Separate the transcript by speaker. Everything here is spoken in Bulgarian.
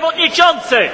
Speaker 1: Przewodniczący!